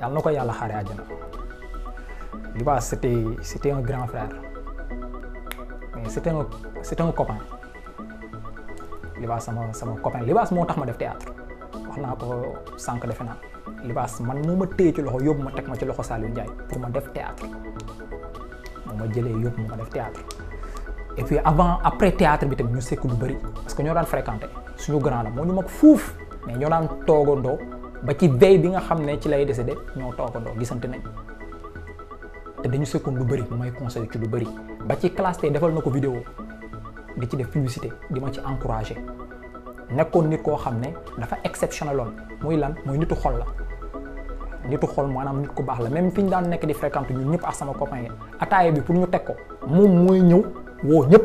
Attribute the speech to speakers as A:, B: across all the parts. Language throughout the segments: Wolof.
A: yàlla na ko yàlla xaare àjjana li baax c'était c'était un grand frère mais c'était un c'était un copain libaas sama sama copain libaas moo tax ma def théâtre wax naa ko sànq defe naa libaas man moo ma téye ci loxo yóbbu ma teg ma ci loxo Saliou njaay pour ma def théâtre moo ma jëlee yóbbu ma def théâtre et puis avant après théâtre bi tamit ñu sekk lu bëri parce ñoo daan fréquenté suñu grand la moo ñu mag fuuf mais ñoo daan toogandoo ba ci veille bi nga xam ne ci lay de ñoo toogandoo gisante nañ te dañu sekoon lu bëri mu may conseil ci lu bëri ba ci classe tey defal na ko vidéo di ci def publicité di ma ci encouragé nekkoon nit koo xam ne dafa exceptionnel loon muy lan muy nitu xol la nitu xol maanaam nit ku baax la même fi ñu daan nekk di fréquente ñun ñëpp ak sama copain yi bi pour ñu teg ko moom mooy ñëw woo ñëpp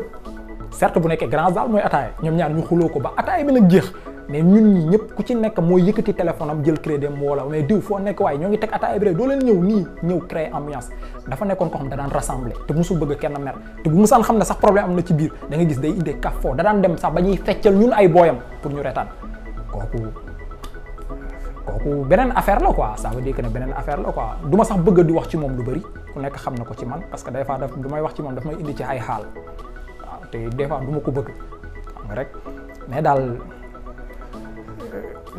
A: certes bu nekkee grand daal mooy ataaya ñoom ñaar ñu xuloo ko ba ataaya bi nag jeex mais ñun ñi ñëpp ku ci nekk moo yëkkati téléphone am jël crédit mu woo la mais diw foo nekk waaye ñoo ngi teg ataaya bi doo leen ñëw nii ñëw créer ambiance dafa nekkoon ko xam da daan rassembler te musul bëgg kenn mer te bu musaan xam ne sax problème am na ci biir da nga gis day indee kaf foo da daan dem sax ba ñuy feccal ñun ay booyam pour ñu retaan kooku kooku beneen affaire la quoi ça veut dire ne beneen affaire la quoi du ma sax bëgg di wax ci lu bëri ku nekk xam na ko ci man parce que des fois daf du may wax ci moom daf ay xaal waaw des fois du ma ko bëgg xam nga rek mais daal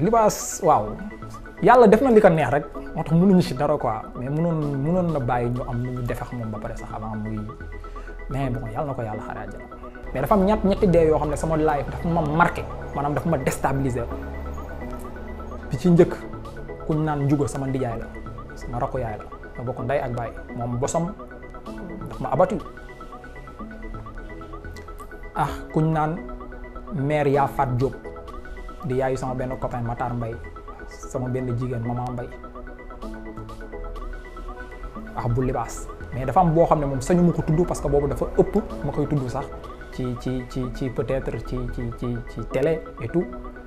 A: libaas waaw yàlla def na li ko neex rek moo tax mënuñu si dara quoi mais mënoon mënoon na bàyyi ñu am lu ñu defex moom ba pare sax avant muy mais bon yàlla na ko yàlla xaaree mais dafa am ñetti dee yoo xam ne sama life dafa ma marqué maanaam dafa ma déstabiliser bi ci njëkk kuñ naan njugo sama ndijaay la sama rakku yaay la ma bokk ak baay moom bosom dafa ma abatu ah kuñ naan maire yaa faat Diop. di yaayu sama benn copain Matar mbay sama benn jigéen Mama Mbaye ax bu libaas mais dafa am boo xam ne moom sañu ma ko tudd parce que boobu dafa ëpp ma koy tudd sax ci ci ci ci peut-être ci ci ci ci télé et